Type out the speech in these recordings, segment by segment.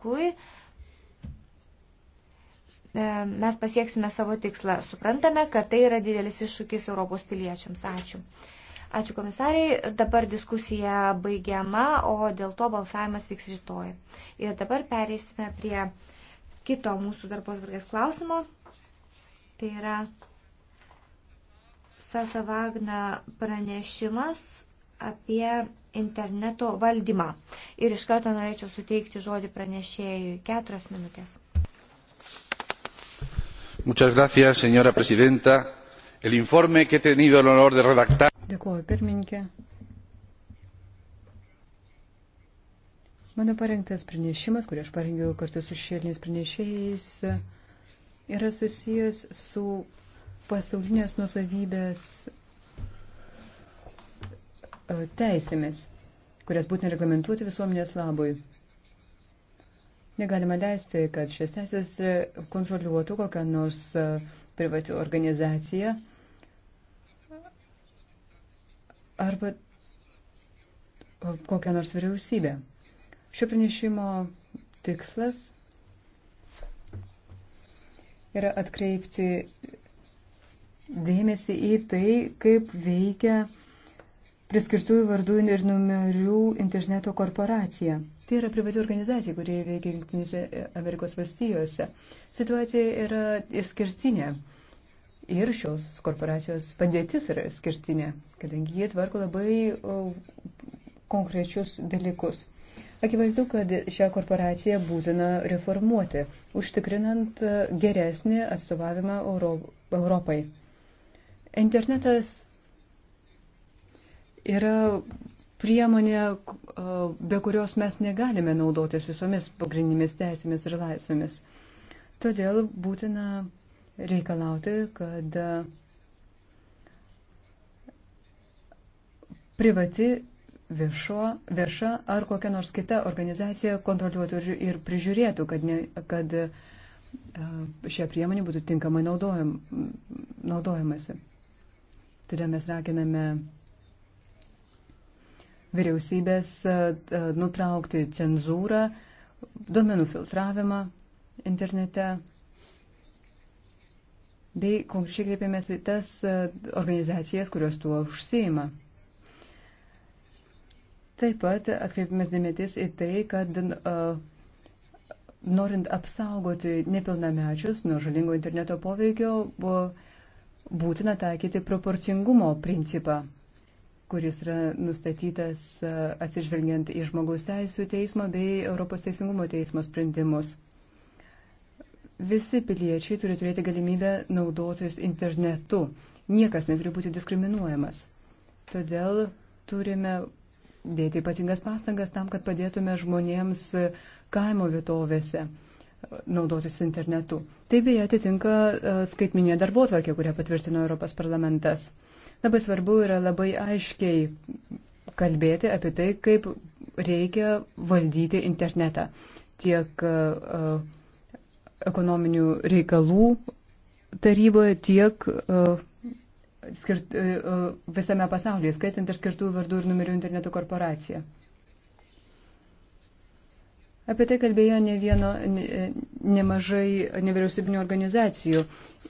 paskui e, mes pasieksime savo tikslą. Suprantame, kad tai yra didelis iššūkis Europos piliečiams. Ačiū. Ačiū komisariai. Dabar diskusija baigiama, o dėl to balsavimas vyks rytoj. Ir dabar pereisime prie kito mūsų darbo atvarkės klausimo. Tai yra Sasa Vagna pranešimas apie interneto valdymą. Ir iš karto norėčiau suteikti žodį pranešėjui. Keturios minutės. Muchas gracias, señora presidenta. El informe que he tenido el honor de redactar. Dėkuoju, pirmininkė. Mano parengtas pranešimas, kurį aš parengiau kartu su šešėliniais pranešėjais, yra susijęs su pasaulinės nusavybės E, teisėmis, kurias būtina reglamentuoti visuomenės labui. Negalima leisti, kad šias teisės e, kontroliuotų kokią nors e, privati organizacija arba kokią nors vyriausybę. Šio pranešimo tikslas yra atkreipti dėmesį į tai, kaip veikia uh, priskirtųjų vardų ir numerių interneto korporacija. Tai yra privati organizacija, kurie veikia Junktinėse Amerikos valstijose. Situacija yra išskirtinė. Ir šios korporacijos padėtis yra skirtinė, kadangi jie tvarko labai konkrečius dalykus. Akivaizdu, kad šią korporaciją būtina reformuoti, užtikrinant e, geresnį atstovavimą Euro Europai. Internetas yra priemonė, be kurios mes negalime naudotis visomis pagrindinėmis teisėmis ir laisvėmis. Todėl būtina reikalauti, kad privati viešo, vieša ar kokia nors kita organizacija kontroliuotų ir, ir prižiūrėtų, kad, ne, kad šią priemonę būtų tinkamai naudojam, naudojamasi. Todėl mes raginame vyriausybės e, e, nutraukti cenzūrą, duomenų filtravimą internete. Bei konkrečiai kreipėmės į tas e, organizacijas, kurios tuo užsieima. Taip pat atkreipėmės dėmesys į tai, kad uh, norint apsaugoti nepilnamečius nuo žalingo interneto poveikio, buvo būtina taikyti proporcingumo principą kuris yra nustatytas e, atsižvelgiant į žmogaus teisų teismo bei Europos teisingumo teismo sprendimus. Visi piliečiai turi turėti galimybę naudotis internetu. Niekas neturi būti diskriminuojamas. Todėl turime dėti ypatingas pastangas tam, kad padėtume žmonėms kaimo vietovėse naudotis internetu. Tai beje atitinka e, skaitminė darbo tvarkė, kurią patvirtino Europos parlamentas. Labai svarbu yra labai aiškiai kalbėti apie tai, kaip reikia valdyti internetą tiek uh, ekonominių reikalų taryboje, tiek uh, skirt, uh, visame pasaulyje, skaitant ir skirtų vardų ir numerių interneto korporaciją. Apie tai kalbėjo ne vieno, ne, nemažai nevyriausybinio organizacijų.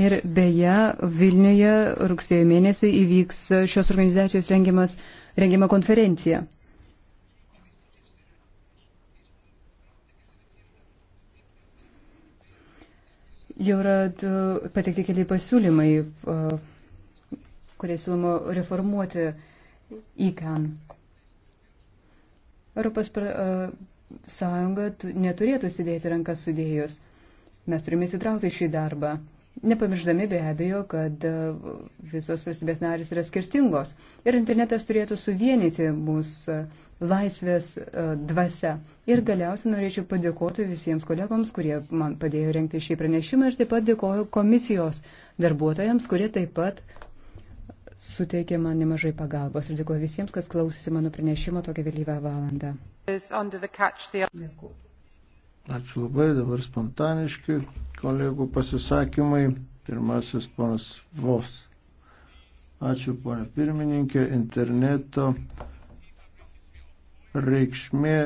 Ir beje, Vilniuje rugsėjo mėnesį įvyks šios organizacijos rengiamas, rengiama konferencija. Jau yra pateikti keli pasiūlymai, kurie siūloma reformuoti ICAN. Europos sąjunga neturėtų sėdėti rankas sudėjus. Mes turime įsitraukti šį darbą. Nepamirždami be abejo, kad e, visos valstybės narys yra skirtingos ir internetas turėtų suvienyti mūsų e, laisvės e, dvasia. Ir galiausiai norėčiau padėkoti visiems kolegoms, kurie man padėjo renkti šį pranešimą ir taip pat dėkoju komisijos darbuotojams, kurie taip pat suteikė man nemažai pagalbos ir dėkuoju visiems, kas klausėsi mano pranešimo tokią vėlyvą valandą. Ačiū labai, dabar spontaniški kolegų pasisakymai. Pirmasis ponas Vos. Ačiū ponė pirmininkė, interneto reikšmė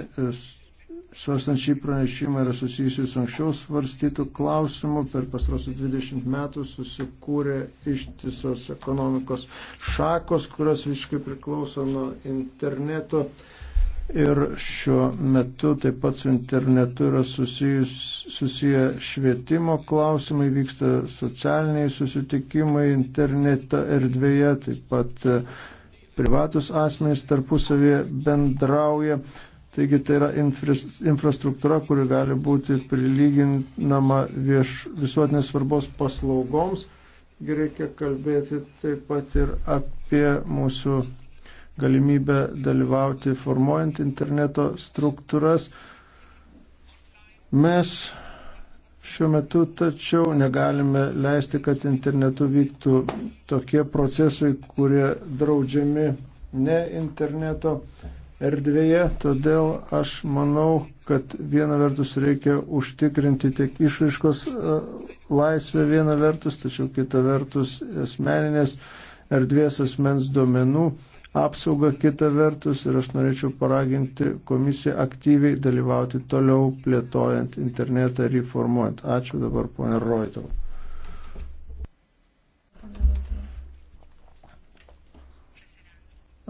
svarstant šį pranešimą yra susijusi su anksčiau svarstytų klausimų. Per pastarosius 20 metų susikūrė ištisos ekonomikos šakos, kurios visiškai priklauso nuo interneto. Ir šiuo metu taip pat su internetu yra susijus, susiję švietimo klausimai, vyksta socialiniai susitikimai interneto erdvėje, taip pat privatus asmenys tarpusavėje bendrauja. Taigi tai yra infrastruktūra, kuri gali būti prilyginama vieš, visuotinės svarbos paslaugoms. Reikia kalbėti taip pat ir apie mūsų galimybę dalyvauti formuojant interneto struktūras. Mes šiuo metu tačiau negalime leisti, kad internetu vyktų tokie procesai, kurie draudžiami ne interneto erdvėje, todėl aš manau, kad viena vertus reikia užtikrinti tiek išraiškos e, laisvę viena vertus, tačiau kita vertus asmeninės erdvės asmens duomenų apsaugą kita vertus ir aš norėčiau paraginti komisiją aktyviai dalyvauti toliau plėtojant internetą ir reformuojant. Ačiū dabar, ponė Roitova.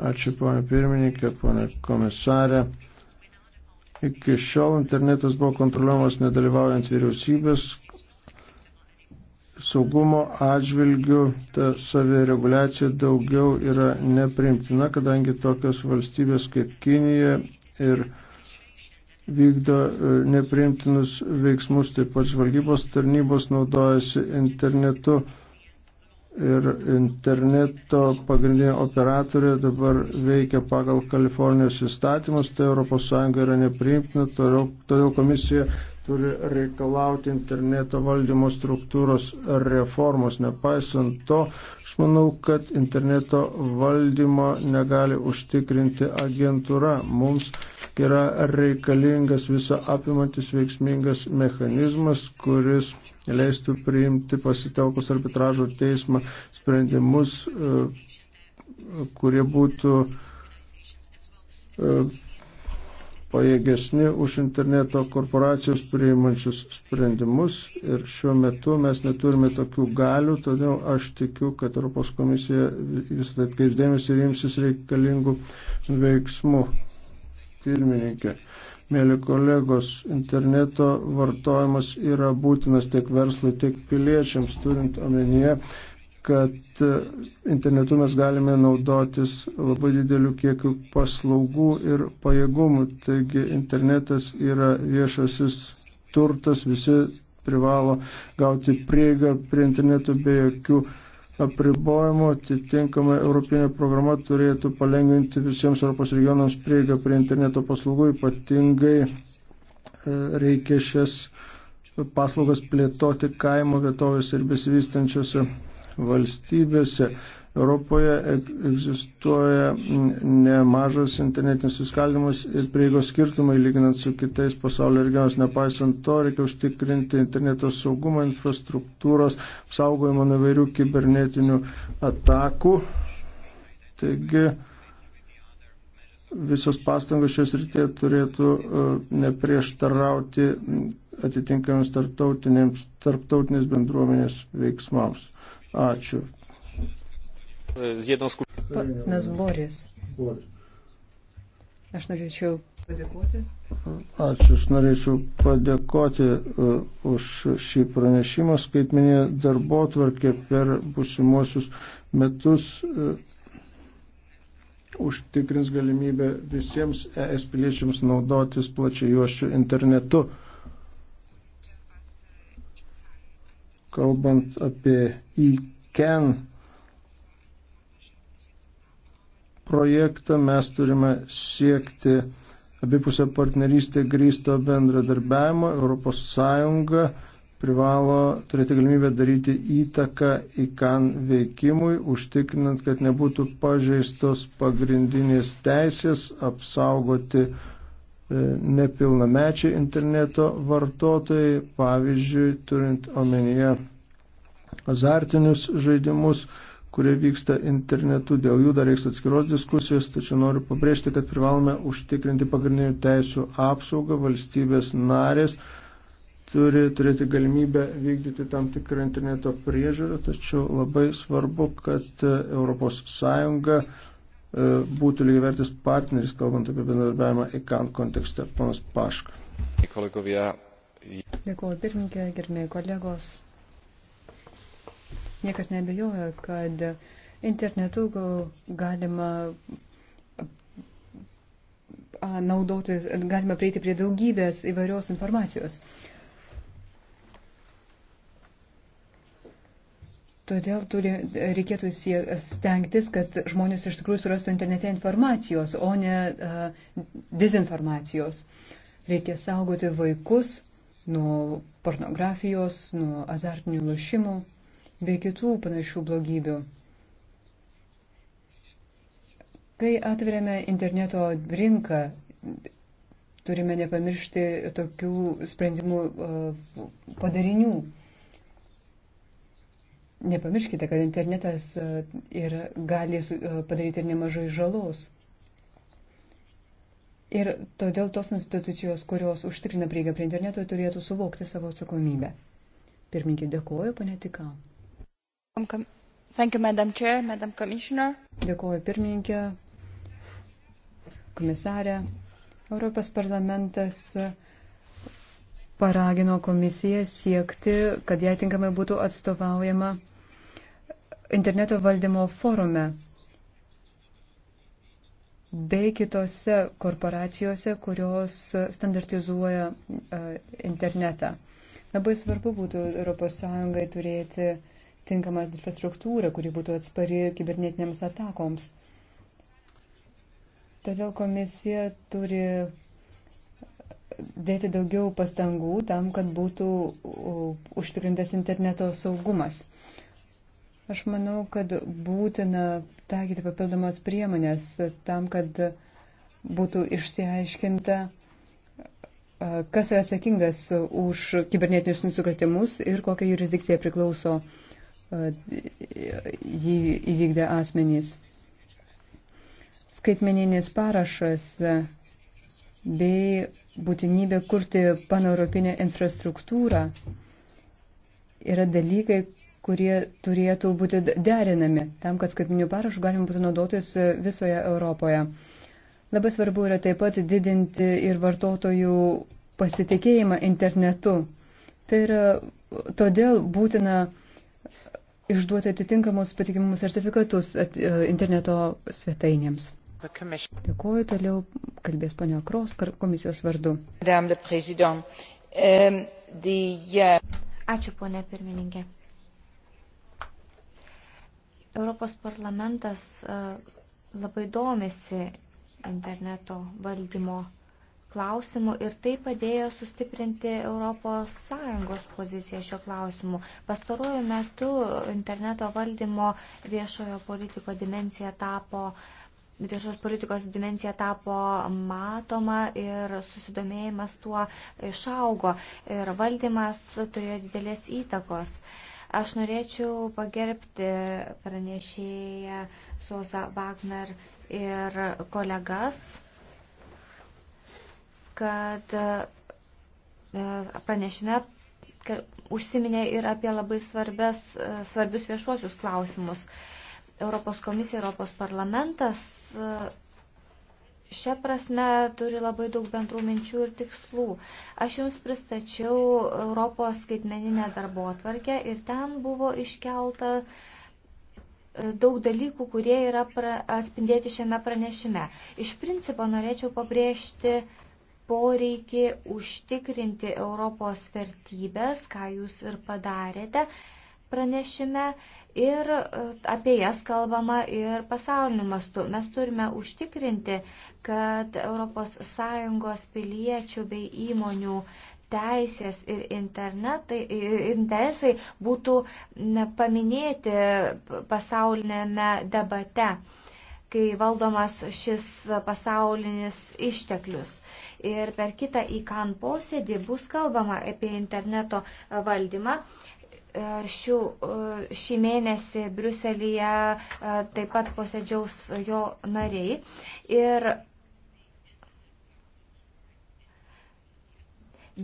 Ačiū, ponė pirmininkė, ponė komisarė. Iki šiol internetas buvo kontroliuojamas nedalyvaujant vyriausybės saugumo atžvilgių ta savireguliacija daugiau yra neprimtina, kadangi tokios valstybės kaip Kinija ir vykdo e, neprimtinus veiksmus, taip pat žvalgybos tarnybos naudojasi internetu ir interneto pagrindinė operatorė dabar veikia pagal Kalifornijos įstatymus, tai ES yra nepriimtina, todėl komisija turi reikalauti interneto valdymo struktūros reformos. Nepaisant to, aš manau, kad interneto valdymo negali užtikrinti agentūra. Mums yra reikalingas visą apimantis veiksmingas mechanizmas, kuris leistų priimti pasitelkus arbitražo teismą sprendimus, e, kurie būtų e, pajėgesni už interneto korporacijos priimančius sprendimus ir šiuo metu mes neturime tokių galių, todėl aš tikiu, kad Europos komisija vis tai atkreips dėmesį ir imsis reikalingų veiksmų. Pirmininkė, mėly kolegos, interneto vartojimas yra būtinas tiek verslui, tiek piliečiams, turint omenyje, kad e, internetu mes galime naudotis labai dideliu kiekiu paslaugų ir pajėgumų. Taigi internetas yra viešasis turtas, visi privalo gauti prieigą prie interneto be jokių apribojimų. Atitinkama Europinė programa turėtų palengvinti visiems Europos regionams prieigą prie interneto paslaugų, ypatingai e, reikia šias paslaugas plėtoti kaimo vietovės ir besivystančiose valstybėse. Europoje egzistuoja nemažas internetinis suskaldimas ir prieigos skirtumai lyginant su kitais pasaulio regionais. Nepaisant to, reikia užtikrinti interneto saugumą, infrastruktūros, saugojimą nuo vairių kibernetinių atakų. Taigi, visos pastangos šios rytėje turėtų e, neprieštarauti atitinkamiems tarptautinės bendruomenės veiksmams. Ačiū. Panas Boris. Aš norėčiau padėkoti. Ačiū, aš norėčiau padėkoti uh, už šį pranešimą. Skaitmenė darbo tvarkė per busimuosius metus uh, užtikrins galimybę visiems ES piliečiams naudotis plačiai juošių internetu. Uh, kalbant apie ICAN e projektą, mes turime siekti abipusę partnerystę grįsto bendradarbiavimo. ES privalo turėti galimybę daryti įtaką ICAN e veikimui, užtikrinant, kad nebūtų pažeistos pagrindinės teisės apsaugoti E, nepilnamečiai interneto vartotojai, pavyzdžiui, turint omenyje azartinius žaidimus, kurie vyksta internetu. Dėl jų dar reiks atskiros diskusijos, tačiau noriu pabrėžti, kad privalome užtikrinti pagrindinių teisų apsaugą. Valstybės narės turi turėti galimybę vykdyti tam tikrą interneto priežiūrą, tačiau labai svarbu, kad ES E, būtų lygiavertis partneris, kalbant apie bendradarbiavimą ICAN kontekste. Ponas Paška. Dėkuoju pirmininkė, gerbėjai kolegos. Niekas nebejoja, kad internetu galima naudoti, galima prieiti prie daugybės įvairios informacijos. Todėl turi, reikėtų stengtis, kad žmonės iš tikrųjų surastų internete informacijos, o ne uh, dezinformacijos. Reikia saugoti vaikus nuo pornografijos, nuo azartinių lošimų bei kitų panašių blogybių. Kai atveriame interneto rinką, turime nepamiršti tokių sprendimų uh, padarinių. Uh, Nepamirškite, kad internetas e, ir gali e, padaryti ir nemažai žalos. Ir todėl tos institucijos, kurios užtikrina prieigą prie interneto, turėtų suvokti savo atsakomybę. Pirminkį dėkoju, pane Tikau. Dėkoju pirmininkė, komisarė. Europos parlamentas paragino komisiją siekti, kad jai tinkamai būtų atstovaujama interneto valdymo forume bei kitose korporacijose, kurios standartizuoja e, internetą. Labai svarbu būtų ES turėti tinkamą infrastruktūrą, kuri būtų atspari kibernetinėms atakoms. Todėl komisija turi dėti daugiau pastangų tam, kad būtų užtikrintas interneto saugumas. Aš manau, kad būtina taikyti papildomas priemonės tam, kad būtų išsiaiškinta, kas yra atsakingas už kibernetinius nusikaltimus ir kokia jurisdikcija priklauso jį įvykdę asmenys. Skaitmeninis parašas bei būtinybė kurti paneuropinę infrastruktūrą yra dalykai, kurie turėtų būti derinami tam, kad skaitminių parašų galima būtų naudotis e, visoje Europoje. Labai svarbu yra taip pat didinti ir vartotojų pasitikėjimą internetu. Tai yra todėl būtina išduoti atitinkamus patikimus sertifikatus at, e, interneto svetainėms. Dėkuoju, toliau kalbės panio Kros komisijos vardu. Euh, uh- Ačiū, ponė pirmininkė. Europos parlamentas e, labai domisi interneto valdymo klausimu ir tai padėjo sustiprinti ES poziciją šio klausimu. Pastaruoju metu interneto valdymo viešojo politiko dimencija tapo viešos politikos dimencija tapo matoma ir susidomėjimas tuo išaugo ir valdymas turėjo didelės įtakos. Uh, Aš norėčiau pagerbti pranešėją Sosa Wagner ir kolegas, kad e, pranešime užsiminė ir apie labai svarbės, e, svarbius viešuosius klausimus. Europos komisija, Europos parlamentas e, šią prasme turi labai daug bendrų minčių ir tikslų. Aš Jums pristačiau Europos skaitmeninę darbo atvarkę ir ten buvo iškelta e, daug dalykų, kurie yra pra, atspindėti šiame pranešime. Iš principo norėčiau pabrėžti poreikį užtikrinti Europos vertybės, ką jūs ir padarėte pranešime ir e, apie jas kalbama ir pasauliniu mastu. Mes turime užtikrinti, kad ES piliečių bei įmonių teisės ir interesai būtų paminėti pasaulinėme debate, kai valdomas šis pasaulinis išteklius. Ir per kitą įkan posėdį bus kalbama apie interneto valdymą šių, e, šį mėnesį Briuselyje e, taip pat posėdžiaus jo nariai. Ir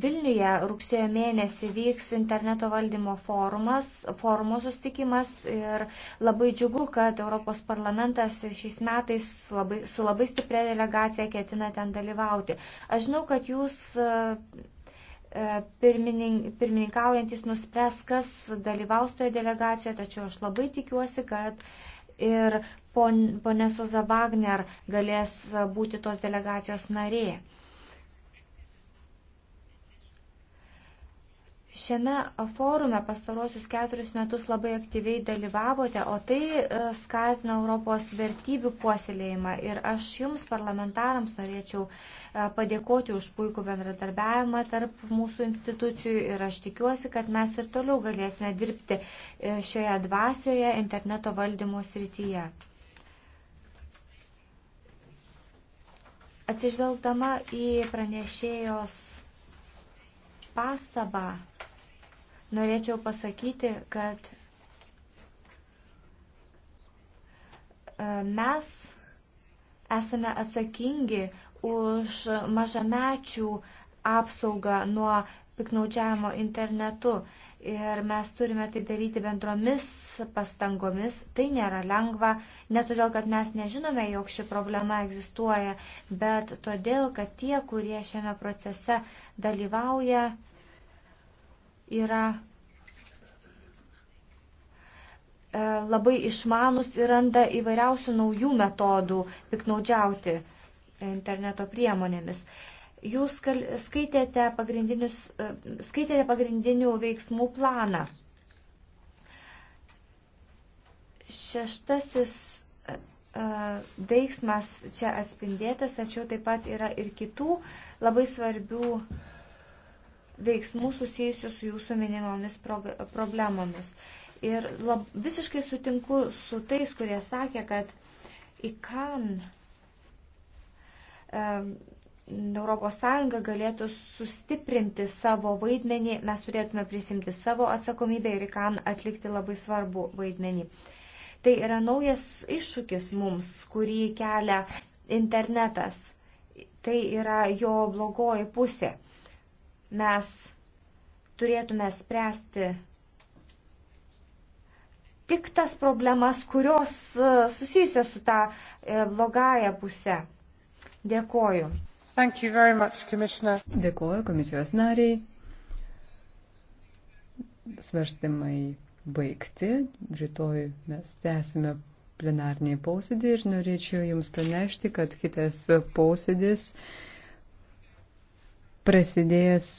Vilniuje rugsėjo mėnesį vyks interneto valdymo forumas, forumo sustikimas ir labai džiugu, kad Europos parlamentas šiais metais labai, su labai stipria delegacija ketina ten dalyvauti. Aš žinau, kad jūs E, pirmininkaujantis nuspręs, kas dalyvaus toje delegacijoje, tačiau aš labai tikiuosi, kad ir ponė Soza Wagner galės būti tos delegacijos narė. Šiame forume pastarosius keturis metus labai aktyviai dalyvavote, o tai e, skatina Europos vertybių puoselėjimą. Ir aš jums, parlamentarams, norėčiau e, padėkoti už puikų bendradarbiavimą tarp mūsų institucijų ir aš tikiuosi, kad mes ir toliau galėsime dirbti e, šioje dvasioje interneto valdymo srityje. Atsižvelgdama į pranešėjos pastabą, Norėčiau pasakyti, kad e, mes esame atsakingi už mažamečių apsaugą nuo piknaudžiavimo internetu. Ir mes turime tai daryti bendromis pastangomis. Tai nėra lengva, ne todėl, kad mes nežinome, jog ši problema egzistuoja, bet todėl, kad tie, kurie šiame procese dalyvauja, yra e, labai išmanus ir randa įvairiausių naujų metodų piknaudžiauti interneto priemonėmis. Jūs skaitėte, e, skaitėte pagrindinių veiksmų planą. Šeštasis e, veiksmas čia atspindėtas, tačiau taip pat yra ir kitų labai svarbių veiksmų susijusių su jūsų minimomis problemomis. Ir lab, visiškai sutinku su tais, kurie sakė, kad į kan ES galėtų sustiprinti savo vaidmenį, mes turėtume prisimti savo atsakomybę ir į kan atlikti labai svarbu vaidmenį. Tai yra naujas iššūkis mums, kurį kelia internetas. Tai yra jo blogoji pusė mes turėtume spręsti tik tas problemas, kurios e, susijusios su tą e, blogąją pusę. Dėkoju. Much, Dėkoju komisijos nariai. Svarstymai baigti. Rytoj mes tęsime plenarnį posėdį ir norėčiau Jums pranešti, kad kitas posėdis prasidės